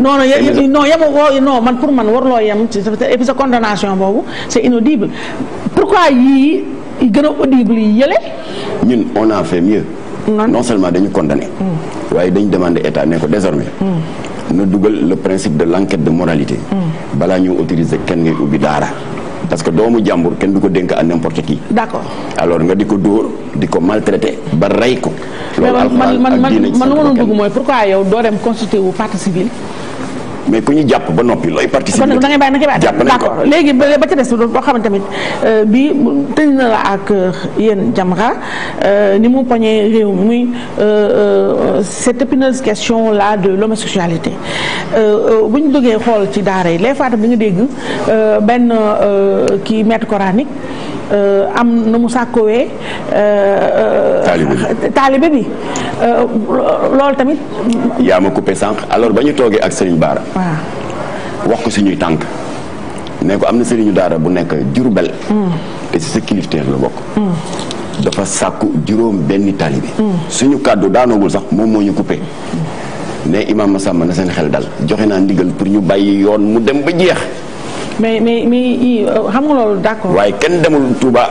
non non non yemoo non man pour man warloo yem ci et puis sa condamnation boobu c'est inaudible pourquoi yii gën a audible yi yële. ñun on a fait mieux. non seulement dañu condamné. Mm. waaye dañu demandé état ne ko désormais. Mm. na dugal le principe de l'enquête de moralité. Mm. balaa ñu autoriser kenn ngay ubbi daara. parce que doomu jàmbur kenn du ko dénk à n'importe qui. d'accord alors nga di ko dóor di ba rey ko. loolu alxuraan ak diine man man man doo dem constituer mais ku ñu jàpp ba noppi looy participer. kon nag da ngay bàyyi da jàpp ko léegi ba ca des boo xam ne tamit euh, bi tëj na la ak euh, yéen Jamra euh, ni mu poñee réew muy cette épineuse question là de l'homosexualité bu ñu duggee xool ci daara yi les fois bi nga dégg benn kii maître coranique. Euh, am na mu sàkkoowee euh, taalibe bi euh, loolu tamit yaa ma coupé sànq alors ba ñu toogee ak Serigne Bara waaw wax ko suñuy tànk ne ko am na sëriñu daara bu nekk Jurbel hmm. te ci sa kilifteef la bokk hmm. dafa sàkku juróom benn taalibe hmm. suñu kàddu daanoogul sax moom moo ñu coupé ne imaam Massamba na seen xel dal joxe naa ndigal pour ñu bàyyi yoon mu dem ba jeex mais mais mais euh, xam nga loolu d'accord. waaye kenn demul Touba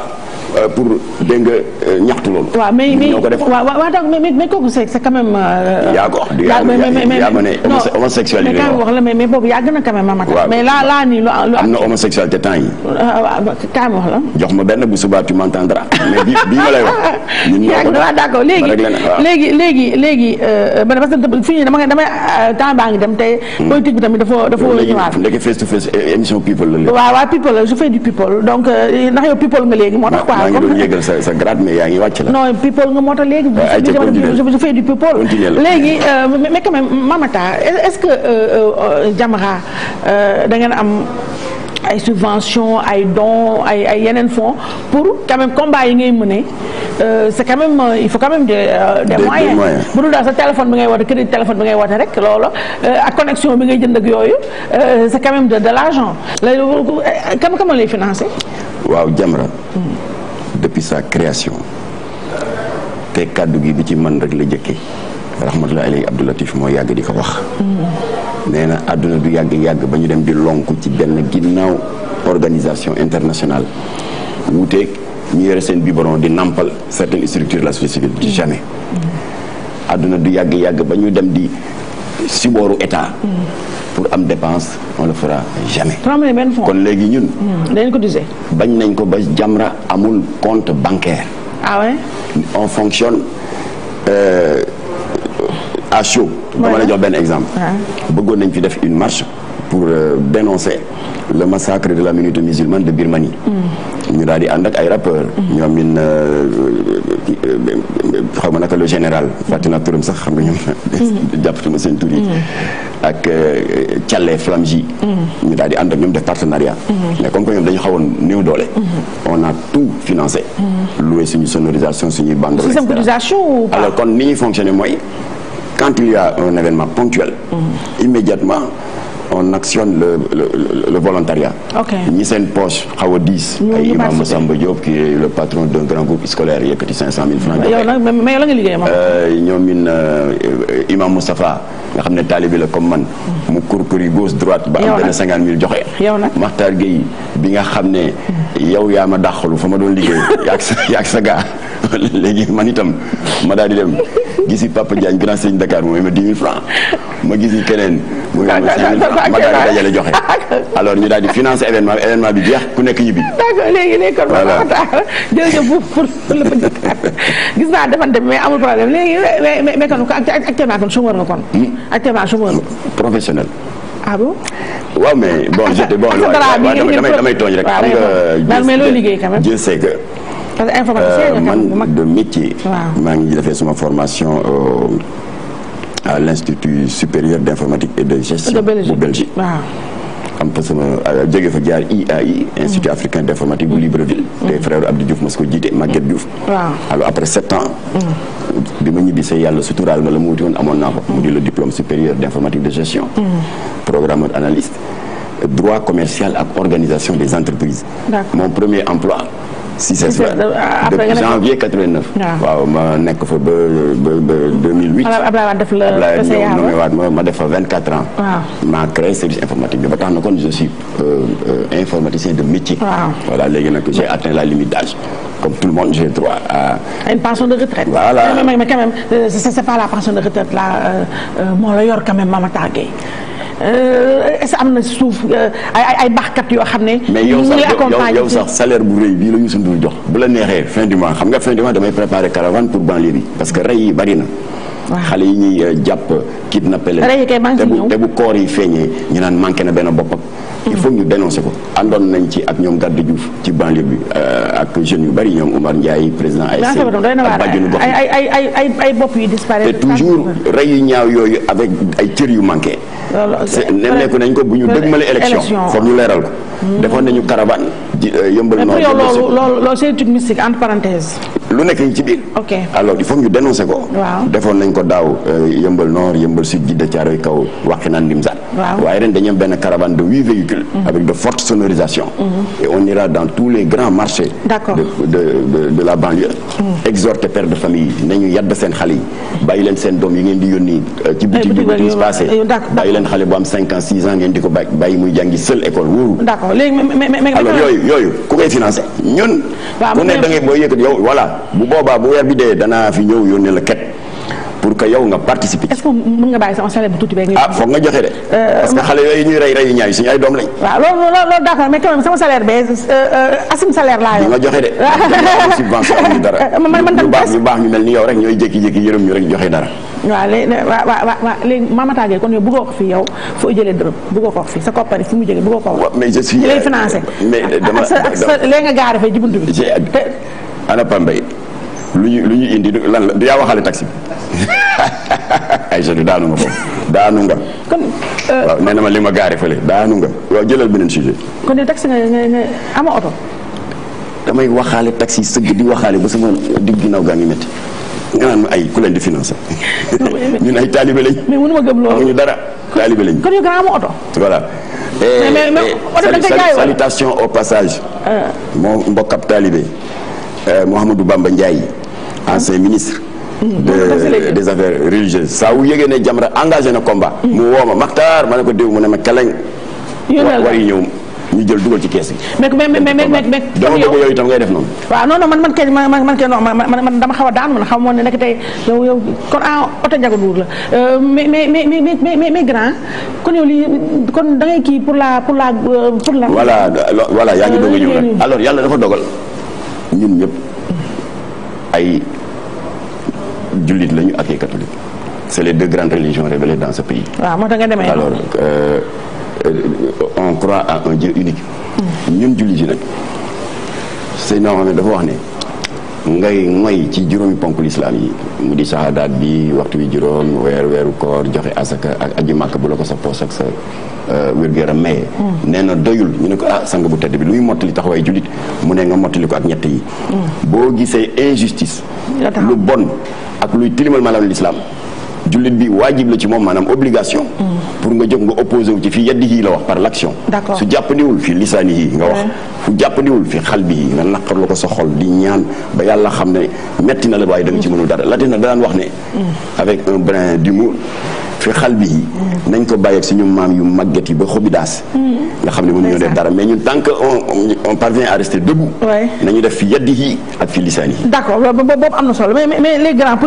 Euh, pour dégg nga euh, ñaxtu loolu. waaw mais mais waaw waaw donc mais mais kooku c'est c'est quand même. Euh, yaa ko yaa ma ne homosexualité mais wax la mais mais boobu yàgg na quand même amata. mais là là nii lu am na homosexualité temps yi. kaay ah, ah, wax la. jox ma benn bu subaa tu m'entendras mais bii bii ma lay wax. ñun ñoo ko d'accord léegi léegi léegi léegi man parce que fii dama temps baa dem tey. Hmm. politique bi tamit dafa dafa war a face to face émission people la léegi. waaw people je fais du people donc ndax yow people nga léegi moo tax quoi. maa ngi doon yëgal sa sa grade mais yaa ngi wàcc la. non people nga moo tax léegi. ay ca je fais du people. léegi euh, mais quand même Mamata est-ce que euh, euh, Jamra da ngeen am. ay subvention ay don ay ay yeneen fonds pour quand même combat yi ngay mener c'est quand même il faut quand même des des moyens bu dul daal sa téléphone bi ngay woote crédit téléphone bi ngay woote rek loolu ak connexion bi ngay jën ak yooyu c'est quand même de de l'argent lay kam kam lay financer waaw Jamra hmm. depuis sa création te kàddu gi bi ci man rek la jëkke rahmatullahi alayhi Abdou Latif moo yàgg di ko wax nee na àdduna du yàgg-yàgg ba ñu dem di lonku ci benn ginnaaw organisation internationale wuuteeg ñu yore seen biberon di nàmpal certaines structures la société civile ci jamais àdduna du yàgg-yàgg ba ñu dem di si booru état. pour am dépense on le fera jamais. kon léegi ñun. Hmm. bañ nañ ko ba Jamra amul compte bancaire. ah ouais? on fonctionne euh, à chaud. dama jox benn exemple. bëggoon nañ fi def une marche. pour euh, dénoncer le massacre de la minorité musulmane de Birmanie. Mm. ñu daal di ay rappeurs. Mm. ñoom ñun euh, euh, ma naka le général. Mm. fàttali naa turam sax xam nga ñoom. jàppatuma seen tur yi. ak Thialé Flamji. ñu daal di ànd ak ñoom def partenariat. mais comme que ñoom dañu xawoon néew doole. on a tout financé. loué suñu sonorisation suñuy bandes. suñu sonorisation ou alors kon ni ñuy fonctionner mooy quand il y a un événement ponctuel. immédiatement. on actionne le le le, le volontariat. ok ñi seen poche xaw a diis. ay imam Massamba Diop qui est le patron d'un grand groupe scolaire yëkkati 500000 francs. yow nag mais yow euh, euh, nga xam ne taalibi la comme man. Hmm. mu kurkuri gauche droite. ba am benn 50000 joxe. yow nag Makhtar Gueye bi nga xam ne. Hmm. yow yaa ma dàqalu fa ma doon liggéey yaag sa sa léegi man itam ma daal di dem gisi Papa Diagne grand sëñ Dakar mooy a 10 000 francs ma gisi keneen. mu yóbbu ma daal di dajale joxe alors ñu daal di financer événement bi événement bi jeex ku nekk ñibbi. d'accord léegi léegi kon ma ma gis naa defante mais amul problème léegi mais mais kon actuellement kon chômeur nga kon. Hmm? actuellement chômeur nga. professionnel. ah bon. waaw mais bon j'étais bon. damay damay tooñ rek. xam nga mais loo liggéey quand même. Dieu sait que. parce que informaticien euh, man de métier. maa ngi defee suma formation. à l'institut supérieur d'informatique et de gestion bu Belgique am fa sama euh, jóge fa jaar IAI institut africain d'informatique bu mm. Libreville mm. te frère Abdou Diouf mas ko jiite Maguette Diouf alors après sept ans mm. bi ma ñibbisee yàlla suturaal ma la mu wuti woon amoon naa ko mu di le diplôme supérieur d'informatique de gestion programmeur analyste droit commercial ak organisation des entreprises mon premier emploi 6S euh, depuis janvier 89. Ah. waaw ma nekk fa ba ba ba 2008. Ablaye ma ma def fa ans. ma créé service informatique bi ba euh, euh, de métier. voilà léegi j'ai atteint la limite d'âge comme tout le monde j'ai droit à. une pension de retraite. voilà mais la pension quand même Mama Tagé. Euh, est-ce que am na suuf euh, yoo xam ne. ñu ngi accompagner yow sax salaire bu rëy bii la ñu sunu jox. bu la neexee fin du mois xam nga fin du mois damay préparer caravane pour banlieue bi parce que rey yi bari na. xale yi ñuy euh, jàpp kidnappé leen te bu koor yi feeñee ñu naan manqué na benn bopp ak il faut ñu dénoncer ko àndoon nañ ci ak ñoom Gade Diouf ci banlieue bi euh, ak jeunes yu bari ñoom Omar Ndiaye président ASC ak bàjjenu gox ay bopp yu disparaître te toujours rey yu ñaaw yooyu avec ay cër yu manqué nemmeeku nañ ko bu ñu dëgmale élection foog ñu leeral ko hmm. defoon nañu caravane euh, yëmbal noonu loolu c'est une mystique entre parenthèses lu nekk ngi ci biir. ok alors il faut ñu dénoncer ko. defoon nañ ko daaw euh, yëmbal nord yëmbal sud Djidda Thiaroye kaw Wakhinane Nimzatt. waaw waaye ren dañu am benn caravane de huit véhicules. Mhm. avec de fortes sonorisations. Mhm. et on ira dans tous les grands marchés. d'accord de de de la banlieue. Mhm. exhorter pères de famille yi nañu yàdd seen xale yi bàyyi leen seen doom yi ngeen di yónni. Euh, ci boutique bi boutique passé bàyyi leen xale bu am cinq six ans ngeen di ko bàyyi muy jàngi seul école wóoru. d'accord léegi mais yooyu. koy financé ñun. ku ne da ngay booy yëkkat yow voilà bu boobaa bu weer bi dee danaa fi ñëw yónnee la ket pour que yow nga participer. est-ce que mën nga bàyyi sama salaire bu tuuti beeg. ah foog nga joxe de. Euh, parce que xale yooyu ñuy rey reyu ñaaw ay doom lañ. waaw loolu loolu d'accord mais quand même sama salaire bee euh, euh, asim salaire laa yor. nga joxe de. subvention ñu dara. man man tamit ñu baax ñu baax ñu mel ni yow rek ñooy jékki-jékki yërëm ñu rek joxe dara. waa léegi waaw waaw waaw léegi Mama Tade kon yow bëggoo ko fi yow foo jëlee dërëm bëggoo ko fi sa koppar fu mu jógee bëggoo ko. waaw mais je suis lay financé. Euh, mais ah, dama ak sa léegi nga gaare fay ci buntu lu ñu lu ñu indi lan la yaa waxaale taxi bi ay jeunes daanu nga foofu daanu nga. kon euh, na ma li ma gaare fële daanu nga waaw jëlal beneen sujet. kon yow taxi nga nga nga ama oto. damay waxaale taxi sëgg di waxaale ba sama digg ginnaaw gaa ngi métti. nga naan ma ay ku leen di financé ñun ay taalibe lañ. mais mënu ma gëm loolu amuñu dara. taalibe lañ kon yu gën eh, eh, au passage. Ah. moo mbokkab taalibe euh, Mouhamadou Bamba Ndiaye ancien ah. ministre. Hmm. de des affaires religieuses saa wu yëgee ne Jamra engagé na combat. Hmm. mu woo ma Maktar ma ne ko déw mu ne ma Keleng. war yi ñëw. ñu jël dugal ci kees gi. mais mais mais mais mais dama bëgg yooyu itam ngay def noonu. waaw non man man kay man man kay non man man dama xaw a daan man xaw ma ne nekk tey yow yow kon ah oto Ndiaga la mais mais mais mais mais mais grand kon yow lii kon da kii pour la pour la pour la. voilà voilà yaa ngi doog a ñëw rek alors yàlla dafa dogal ñun ñëpp ay jullit lañu ak ay catholique c'est les de grandes religions révélées dans ce pays. waaw moo tax nga demee on euh, croit à un Dieu unique. ñun julli ji nag Seydina Mohamed dafa wax ne. ngay moy ci juróomi ponk lislaam yi mu di shahadaat bi waxtu wi juróom weer weeru koor joxe asaka ak aji màkk bu la ko sa poos ak sa euh, wér-gu-yaram maye hmm. nee doyul ñu ne ko ah sang bu tedd bi luy mottali taxawaay jullit mu ne nga mottali ko ak ñett yi hmm. boo gisee injustice lu bon ak luy tilimal maanaam lislaam jullit bi waajib la ci moom maanaam obligation pour nga jóg nga opposé wu ci fii yadihi la wax par l'action su jàppandiwul fii lisaanihi nga wax fu jàppandiwul fii xalbihi nga naqarlu ko sa xol di ñaan ba yàlla xam ne metti na la waaye da ci mënul dara latin na daan wax ne mm. avec un brin d'humour fi xal bi yi nañ ko bàyyeeg suñu maam yu màgget yi ba xobidaas mm. nga xam ne mënuñoo def dara mais ñun tant que on parvient à rester debout nañu def fi yaddi yi ak fi lisaan yi d' accord boobu am na solo mais mais les grands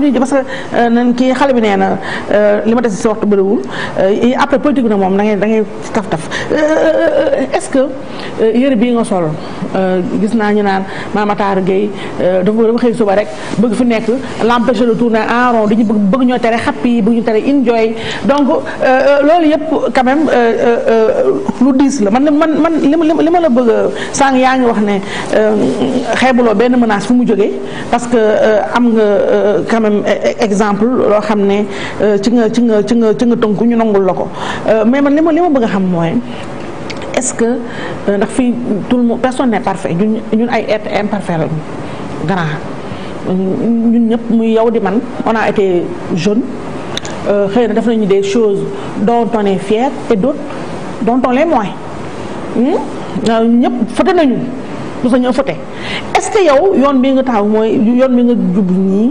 euh, bi nee na euh, li ma des si waxtu bëriwul euh, après politique moom da ngay da ngay taf taf est ce que yëre bii nga sol gis naa ñu naan Mamataar Gueye dafa dafa xëy suba rek bëgg fi nekk l'empêcher de tourner en dañu bëgg bëgg ñoo tere xappi bëgg ñu tere enjoy donc euh, euh, loolu yëpp quand même euh, lu diis la man man man li ma la bëgg sànq yaa ngi wax ne xeebuloo benn menace fu mu jógee parce que am nga quand même e, e, exemple loo xam ne ci nga ci nga nga ci nga tënku ñu nangul la ko mais man li ma li ma bëgg a xam mooy. est-ce que ndax fii tout mu personne n'est parfait ñun ñun ay être imparfait lañu grand ñun ñëpp muy yow di man on été jeune Euh, xëy na def nañu des choses dont on est fier et d'autres dont on l'est moins hmm? euh, ñëpp fote nañu lu sa ñoo fote est-ce que yow yoon bi nga taxaw mooy yoon bi nga jublu nii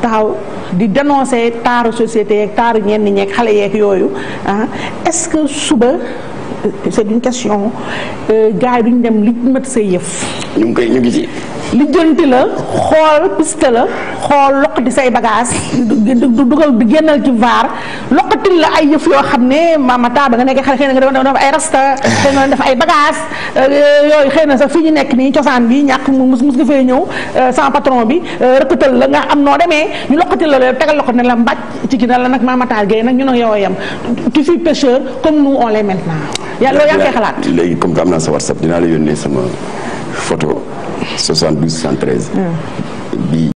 taxaw di dénoncer taaru société yeeg taaru ñenn ñeek xale yeeg yooyu ah est-ce que suba Euh, c'est une question euh, gars yi duñ dem li mat say yëf. ñu ngi koy ñu ngi ci. lijjanti la xool piste la xool loqati say bagage dugal bi génnal ci vaar loqatil la ay yëf yoo xam ne mamata ba nga nekkee xale xëy na nga doon def ay rasta xëy na def ay bagage euh, yooyu xëy na sax fii ñu nekk nii cosaan bi ñàkk mus mus nga fee ñëw sans patron bi rëkkatal la nga am noo demee ñu loqatil la loolu tegal loqat ne la mbàcc ci ginnaaw la nag mamata gay nag ñu ne yow yam tu suis comme nous on l'est maintenant yaa loolu yaa léegi comme que am naa sa WhatsApp dinaa la yónnee sama photo 72 73. Hmm. bi